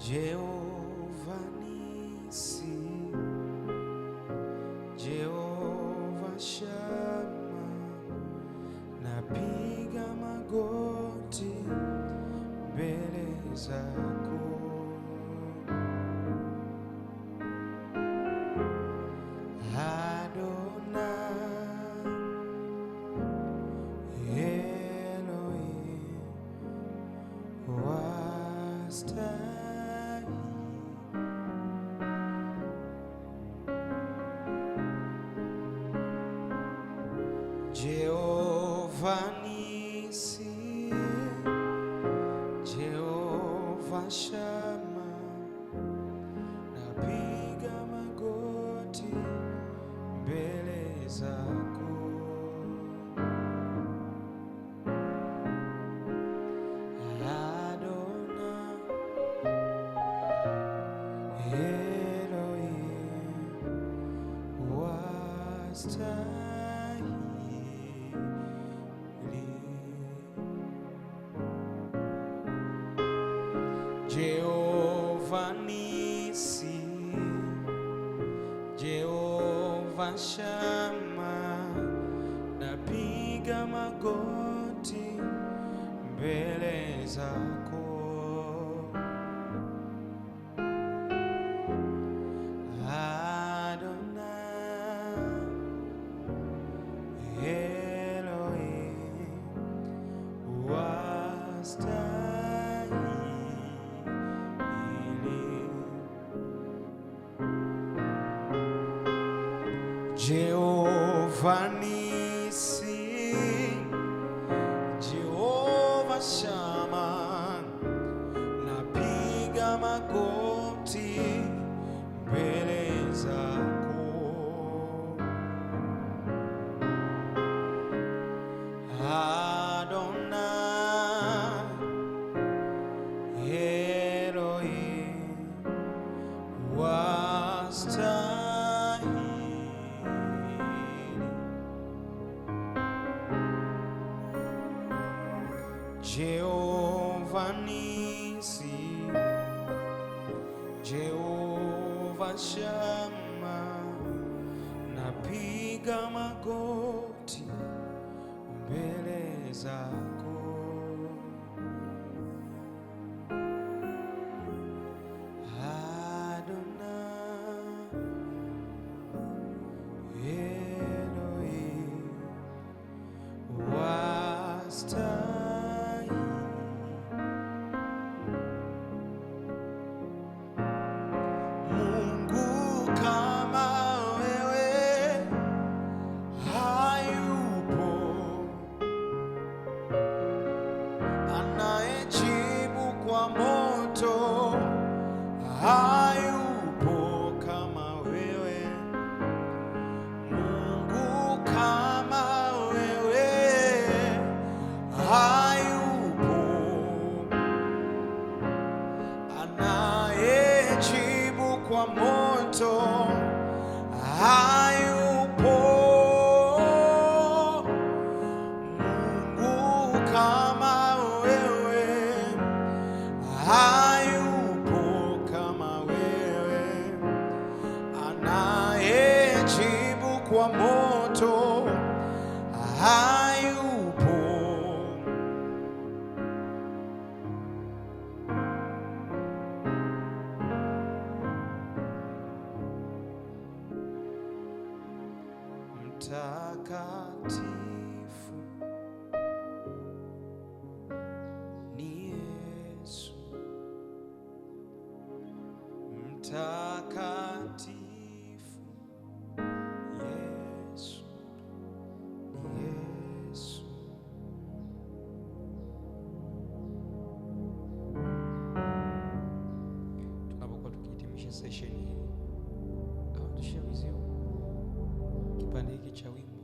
Jeová. shama napiga magoti mbele zako, Adona Eloi wasta sunshine. Jeová Nissi, Jeová chama na piga magoti, beleza. Adonai, yeah. magoti mbele zako wa moto hayupo. Mtakatifu ni Yesu, mtakatifu kuonyesha session hii au ah, kipande hiki cha wimbo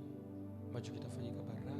ambacho kitafanyika baraka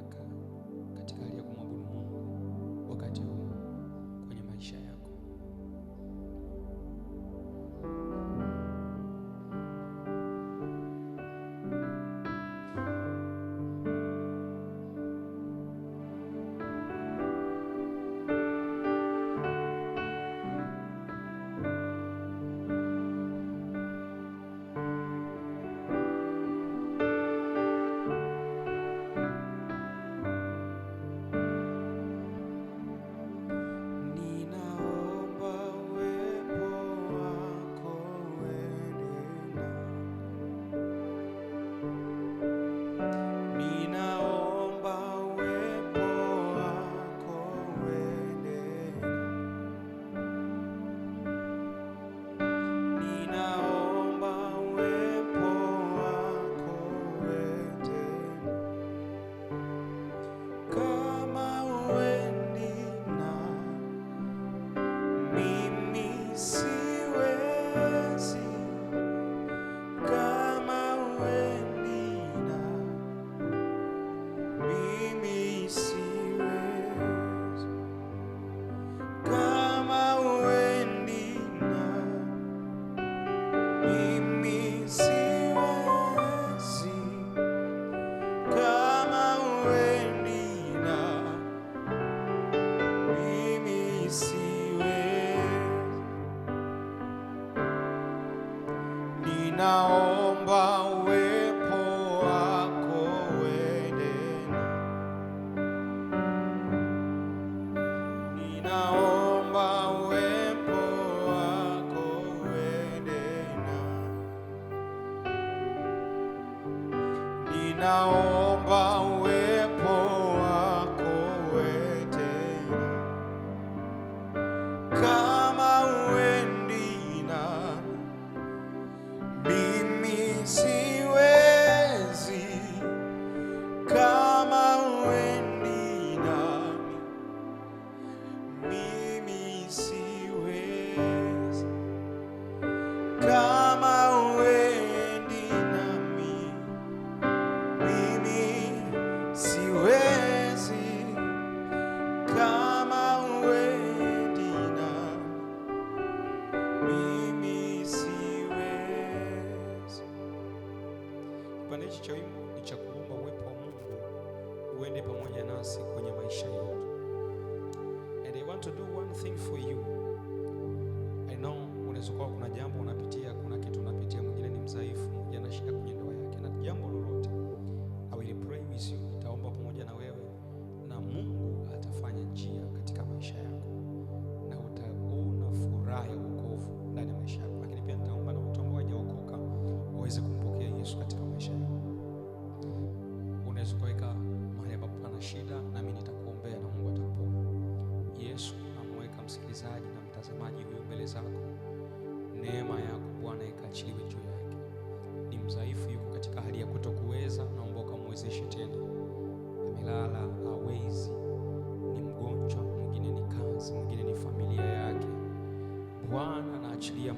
sim.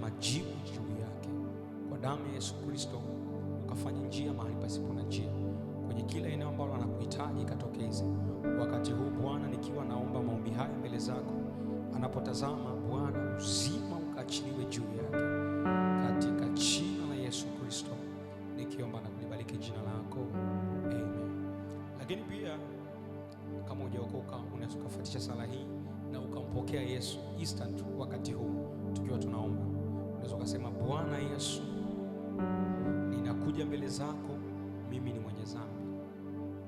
majibu juu yake. Kwa damu ya Yesu Kristo ukafanye njia mahali pasipo na njia, kwenye kila eneo ambalo anakuhitaji katokeze. Wakati huu Bwana, nikiwa naomba maombi haya mbele zako, anapotazama Bwana, uzima ukaachiliwe juu yake, katika jina la Yesu Kristo nikiomba na kulibariki jina lako Amen. Lakini pia kama hujaokoka unaweza ukafuatisha sala hii na ukampokea Yesu instant wakati huu tukiwa tunaomba. Unaweza ukasema Bwana Yesu, ninakuja mbele zako, mimi ni mwenye dhambi,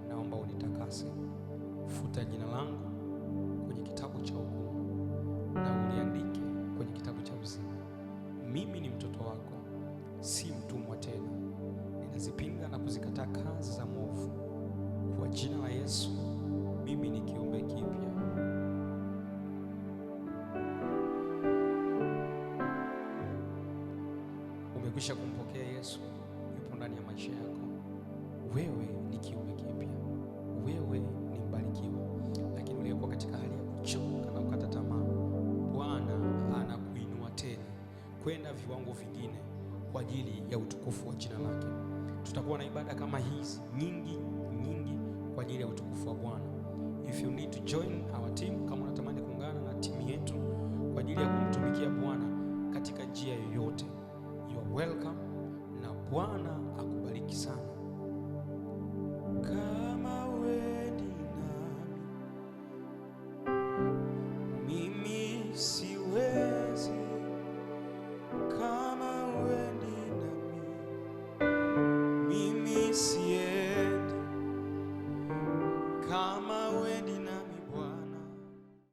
naomba unitakase, futa jina langu kwenye kitabu cha hukumu na uniandike kwenye kitabu cha uzima. Mimi ni mtoto wako, si mtumwa tena. Ninazipinga na kuzikataa kazi za mwovu. Kwa jina la Yesu, mimi ni kiumbe kipya. Umekwisha kumpokea Yesu, yupo ndani ya maisha yako. Wewe ni kiumbe kipya, wewe ni mbarikiwa. Lakini uliyekuwa katika hali ya kuchoka na kukata tamaa, Bwana anakuinua tena kwenda viwango vingine kwa ajili ya utukufu wa jina lake. Tutakuwa na ibada kama hizi nyingi nyingi kwa ajili ya utukufu wa Bwana. If you need to join our team, kama unatamani kuungana na timu yetu kwa ajili ya kumtumikia Bwana katika njia yoyote welcome na Bwana akubariki sana.